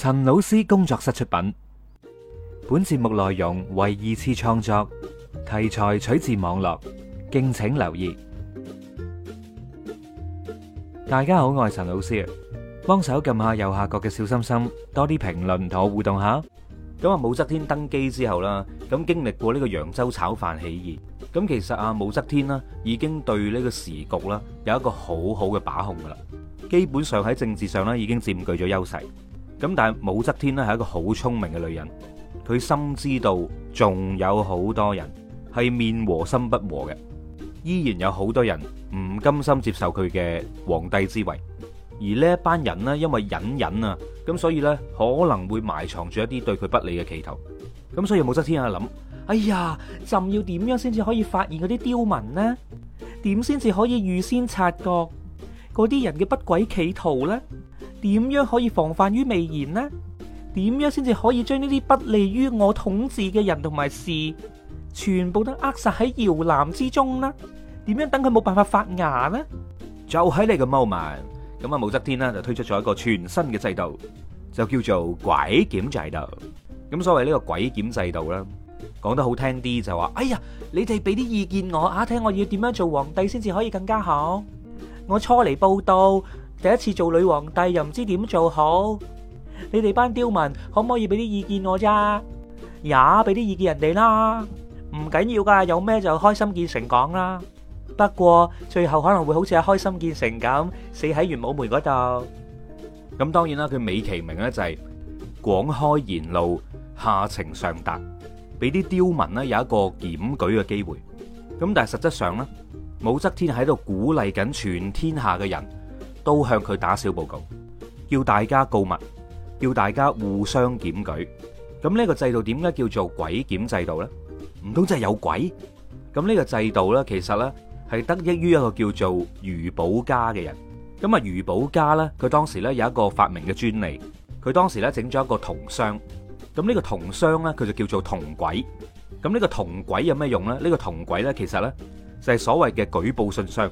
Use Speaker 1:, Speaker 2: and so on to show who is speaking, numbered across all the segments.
Speaker 1: 陳老師工作室出品，本節目內容為二次創作，題材取自網絡，敬請留意。大家好，我係陳老師，幫手撳下右下角嘅小心心，多啲評論同我互動下。咁啊，武則天登基之後啦，咁經歷過呢個揚州炒飯起義，咁其實啊，武則天啦已經對呢個時局啦有一個好好嘅把控噶啦，基本上喺政治上咧已經佔據咗優勢。咁但係武則天咧係一個好聰明嘅女人，佢深知道仲有好多人係面和心不和嘅，依然有好多人唔甘心接受佢嘅皇帝之位。而呢一班人咧，因為隱忍啊，咁所以咧可能會埋藏住一啲對佢不利嘅企圖。咁所以武則天啊諗，哎呀，朕要點樣先至可以發現嗰啲刁民呢？點先至可以預先察覺嗰啲人嘅不軌企圖呢？點樣可以防範於未然呢？點樣先至可以將呢啲不利於我統治嘅人同埋事，全部都扼殺喺搖籃之中呢？點樣等佢冇辦法發芽呢？就喺你個 moment，咁啊武則天呢，就推出咗一個全新嘅制度，就叫做鬼檢制度。咁所謂呢個鬼檢制度啦，講得好聽啲就話、是：哎呀，你哋俾啲意見我，啊聽我要點樣做皇帝先至可以更加好。我初嚟報道。第一次做女皇帝又唔知點做好，你哋班刁民可唔可以俾啲意見我咋？呀，俾啲意見人哋啦，唔緊要噶，有咩就開心見誠講啦。不過最後可能會好似阿開心見誠咁死喺玄武門嗰度。咁當然啦，佢美其名呢就係廣開言路，下情上達，俾啲刁民呢有一個檢舉嘅機會。咁但係實質上呢，武則天喺度鼓勵緊全天下嘅人。都向佢打小報告，叫大家告密，叫大家互相檢舉。咁呢個制度點解叫做匭檢制度咧？唔通真係有鬼？咁呢個制度咧，其實咧係得益於一個叫做魚保家嘅人。咁啊，魚保家咧，佢當時咧有一個發明嘅專利，佢當時咧整咗一個銅箱。咁呢個銅箱咧，佢就叫做銅匭。咁呢個銅匭有咩用咧？呢個銅匭咧，其實咧就係所謂嘅舉報信箱。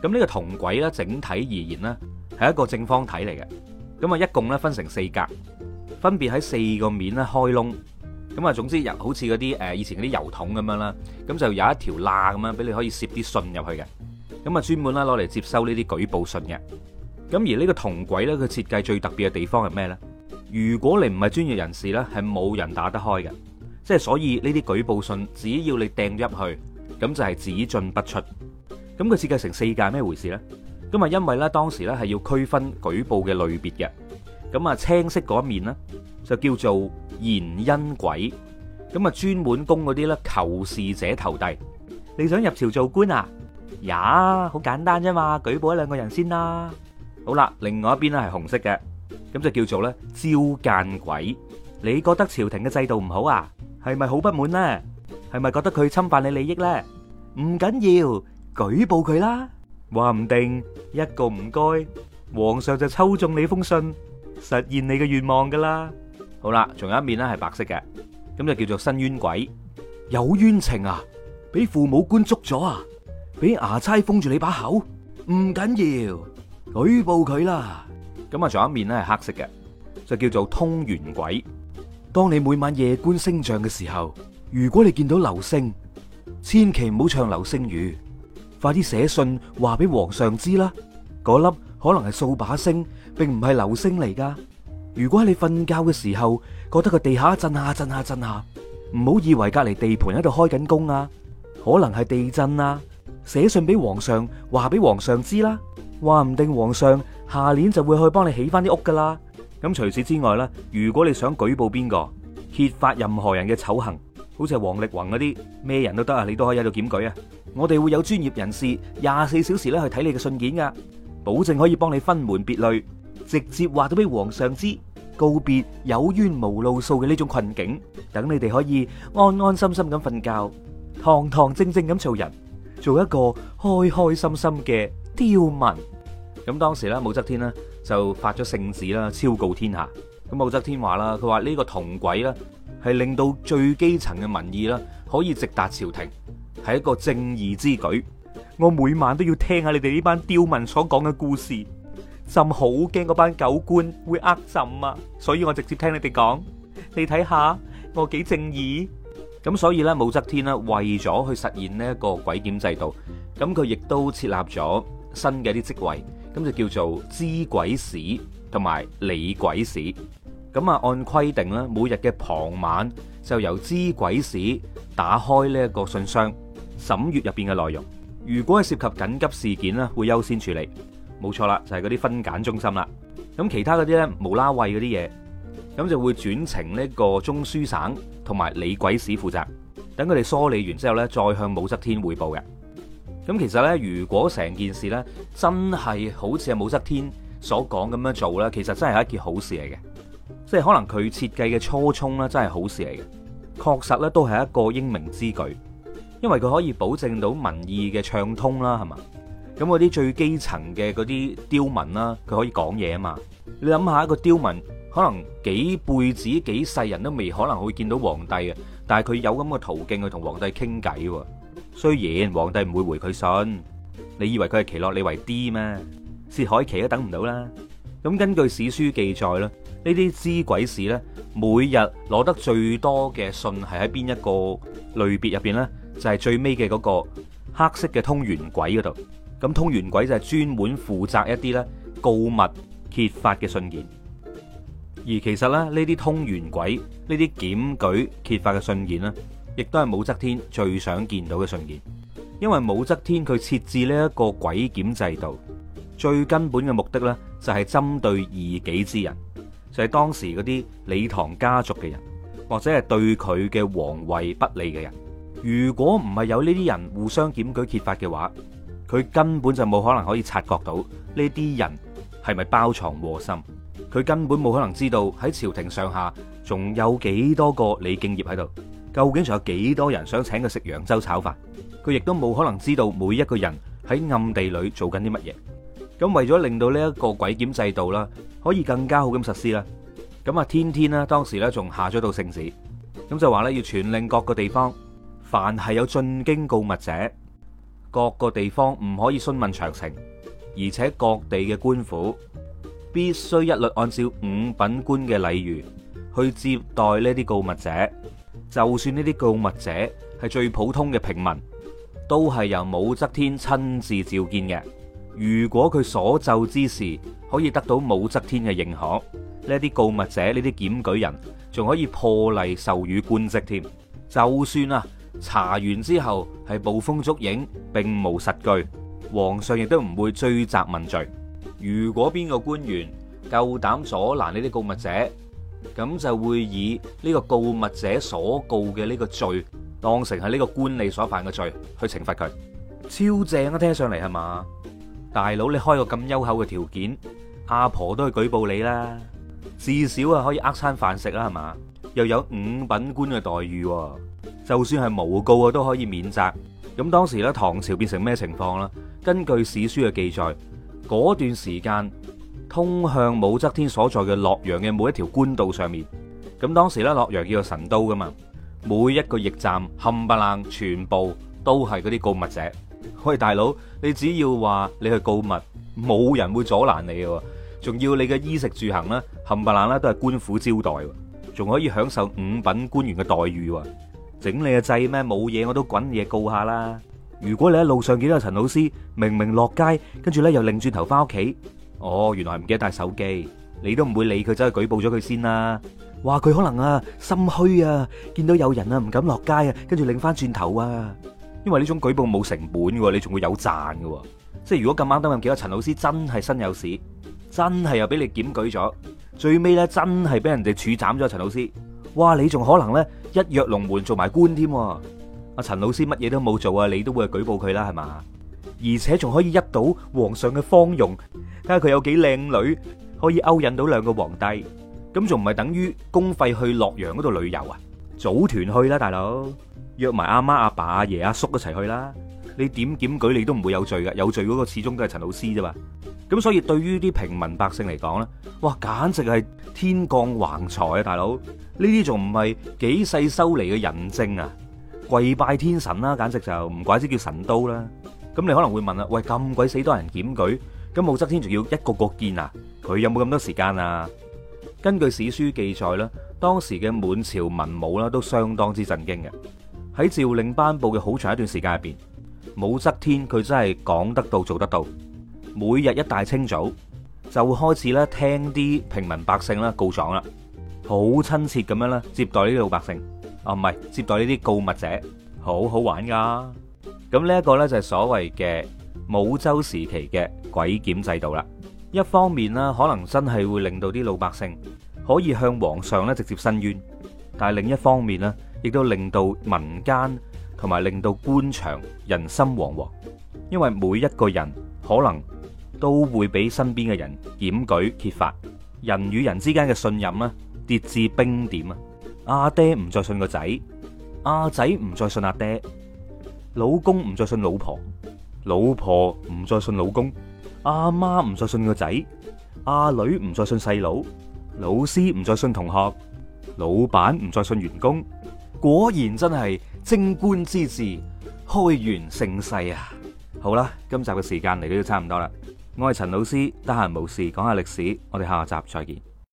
Speaker 1: 咁呢個銅軌咧，整體而言呢，係一個正方體嚟嘅。咁啊，一共呢，分成四格，分別喺四個面咧開窿。咁啊，總之好似嗰啲誒以前嗰啲油桶咁樣啦。咁就有一條罅咁樣，俾你可以攝啲信入去嘅。咁啊，專門啦攞嚟接收呢啲舉報信嘅。咁而呢個銅軌呢，佢設計最特別嘅地方係咩呢？如果你唔係專業人士呢，係冇人打得開嘅。即係所以呢啲舉報信，只要你掟入去，咁就係只進不出。咁佢設計成四界咩回事咧？咁啊，因為咧，當時咧係要區分舉報嘅類別嘅。咁啊，青色嗰一面咧，就叫做延恩匭。咁啊，專門供嗰啲咧求仕者投遞。你想入朝做官啊？呀，好簡單啫嘛，舉報一兩個人先啦。好啦，另外一邊咧係紅色嘅，咁就叫做咧招諫匭。你覺得朝廷嘅制度唔好啊？係咪好不滿咧？係咪覺得佢侵犯你利益咧？唔緊要。舉報佢啦，話唔定一個唔該，皇上就抽中你封信，實現你嘅願望噶啦。好啦，仲有一面咧係白色嘅，咁就叫做伸冤鬼。有冤情啊，俾父母官捉咗啊，俾牙差封住你把口，唔緊要，舉報佢啦。咁啊，仲有一面咧係黑色嘅，就叫做通冤鬼。當你每晚夜觀星象嘅時候，如果你見到流星，千祈唔好唱流星雨。快啲寫信話俾皇上知啦！嗰粒可能係掃把星，並唔係流星嚟噶。如果喺你瞓覺嘅時候覺得個地下震下震下震下，唔好以為隔離地盤喺度開緊工啊，可能係地震啊。寫信俾皇上，話俾皇上知啦。話唔定皇上下年就會去幫你起翻啲屋噶啦。咁除此之外咧，如果你想舉報邊個揭發任何人嘅醜行，好似係王力宏嗰啲咩人都得啊，你都可以喺度檢舉啊。我哋會有專業人士廿四小時咧去睇你嘅信件噶，保證可以幫你分門別類，直接話到俾皇上知，告別有冤無路訴嘅呢種困境，等你哋可以安安心心咁瞓覺，堂堂正正咁做人，做一個開開心心嘅刁民。咁當時咧，武則天呢，就發咗聖旨啦，昭告天下。咁武則天話啦，佢話呢個銅匭咧係令到最基層嘅民意啦可以直達朝廷。係一個正義之舉，我每晚都要聽下你哋呢班刁民所講嘅故事。朕好驚嗰班狗官會呃朕啊，所以我直接聽你哋講。你睇下，我幾正義。咁所以呢，武則天呢為咗去實現呢一個匭檢制度，咁佢亦都設立咗新嘅啲職位，咁就叫做知匭使同埋理匭使。咁啊，按規定呢，每日嘅傍晚就由知匭使打開呢一個信箱。審閱入邊嘅內容，如果係涉及緊急事件呢，會優先處理。冇錯啦，就係嗰啲分揀中心啦。咁其他嗰啲呢，無啦喂嗰啲嘢，咁就會轉呈呢個中書省同埋理匦使負責。等佢哋梳理完之後呢，再向武則天匯報嘅。咁其實呢，如果成件事呢，真係好似係武則天所講咁樣做呢，其實真係一件好事嚟嘅。即係可能佢設計嘅初衷呢，真係好事嚟嘅。確實呢，都係一個英明之舉。因為佢可以保證到民意嘅暢通啦，係嘛？咁嗰啲最基層嘅嗰啲刁民啦，佢可以講嘢啊嘛。你諗下，一個刁民可能幾輩子幾世人都未可能會見到皇帝啊，但係佢有咁嘅途徑去同皇帝傾偈。雖然皇帝唔會回佢信，你以為佢係奇洛李維斯咩？薛凱琪都等唔到啦。咁根據史書記載咧，這些呢啲知匭使咧，每日攞得最多嘅信係喺邊一個類別入邊咧？就係最尾嘅嗰個黑色嘅通玄鬼嗰度，咁通玄鬼就係專門負責一啲咧，告密揭發嘅信件。而其實咧，呢啲通玄鬼呢啲檢舉揭發嘅信件呢，亦都係武則天最想見到嘅信件，因為武則天佢設置呢一個鬼檢制度，最根本嘅目的呢，就係針對異己之人，就係、是、當時嗰啲李唐家族嘅人，或者係對佢嘅皇位不利嘅人。如果唔係有呢啲人互相檢舉揭發嘅話，佢根本就冇可能可以察覺到呢啲人係咪包藏禍心。佢根本冇可能知道喺朝廷上下仲有幾多個李敬業喺度，究竟仲有幾多人想請佢食揚州炒飯。佢亦都冇可能知道每一個人喺暗地裏做緊啲乜嘢。咁為咗令到呢一個鬼檢制度啦，可以更加好咁實施啦。咁啊，天天啦，當時呢仲下咗道聖旨，咁就話呢要傳令各個地方。凡係有進京告密者，各個地方唔可以詢問詳情，而且各地嘅官府必須一律按照五品官嘅禮遇去接待呢啲告密者。就算呢啲告密者係最普通嘅平民，都係由武則天親自召見嘅。如果佢所就之事可以得到武則天嘅認可，呢啲告密者，呢啲檢舉人仲可以破例授予官職添。就算啊。查完之後係捕風捉影，並無實據，皇上亦都唔會追責問罪。如果邊個官員夠膽阻攔呢啲告密者，咁就會以呢個告密者所告嘅呢個罪，當成係呢個官吏所犯嘅罪去懲罰佢。超正啊！聽上嚟係嘛？大佬你開個咁優厚嘅條件，阿婆都去舉報你啦，至少啊可以呃餐飯食啦係嘛？又有五品官嘅待遇。就算係誣告啊，都可以免責。咁當時咧，唐朝變成咩情況呢？根據史書嘅記載，嗰段時間，通向武則天所在嘅洛陽嘅每一條官道上面，咁當時咧，洛陽叫做神都噶嘛，每一個驛站冚唪唥全部都係嗰啲告密者。喂，大佬，你只要話你去告密，冇人會阻攔你嘅，仲要你嘅衣食住行咧，冚唪唥咧都係官府招待，仲可以享受五品官員嘅待遇。整你嘅掣咩？冇嘢我都滾嘢告下啦。如果你喺路上見到陳老師明明落街，跟住呢又擰轉頭翻屋企，哦，原來唔記得帶手機，你都唔會理佢走去舉報咗佢先啦、啊。話，佢可能啊心虛啊，見到有人啊唔敢落街啊，跟住擰翻轉頭啊，因為呢種舉報冇成本喎，你仲會有賺㗎喎、啊。即係如果咁啱得咁幾個陳老師真係身有事，真係又俾你檢舉咗，最尾呢，真係俾人哋處斬咗陳老師。哇！你仲可能咧一躍龍門做埋官添？阿陳老師乜嘢都冇做啊，你都會舉報佢啦係嘛？而且仲可以一睹皇上嘅芳容，睇下佢有幾靚女，可以勾引到兩個皇帝，咁仲唔係等於公費去洛陽嗰度旅遊啊？組團去啦，大佬，約埋阿媽、阿爸、阿爺、阿叔一齊去啦。你點檢舉你都唔會有罪噶，有罪嗰個始終都係陳老師啫嘛。咁所以對於啲平民百姓嚟講呢，哇，簡直係天降橫財啊，大佬！呢啲仲唔係幾世修嚟嘅人證啊？跪拜天神啦、啊，簡直就唔怪之叫神都啦、啊！咁你可能會問啊：「喂咁鬼死多人檢舉，咁武則天仲要一個個見啊？佢有冇咁多時間啊？」根據史書記載啦，當時嘅滿朝文武啦都相當之震驚嘅。喺詔令頒布嘅好長一段時間入邊，武則天佢真係講得到做得到。每日一大清早就開始咧聽啲平民百姓啦告狀啦。好親切咁樣接待呢啲老百姓啊，唔係接待呢啲告密者，好好玩噶。咁呢一個呢就係所謂嘅武周時期嘅匦檢制度啦。一方面呢，可能真係會令到啲老百姓可以向皇上咧直接申冤，但係另一方面呢，亦都令到民間同埋令到官場人心惶惶，因為每一個人可能都會俾身邊嘅人檢舉揭發，人與人之間嘅信任呢，跌至冰點啊！阿爹唔再信個仔，阿仔唔再信阿爹；老公唔再信老婆，老婆唔再信老公；阿媽唔再信個仔，阿女唔再信細佬；老師唔再信同學，老闆唔再信員工。果然真係貞觀之治，開元盛世啊！好啦，今集嘅時間嚟到都差唔多啦。我係陳老師，得閒無事講下歷史。我哋下集再見。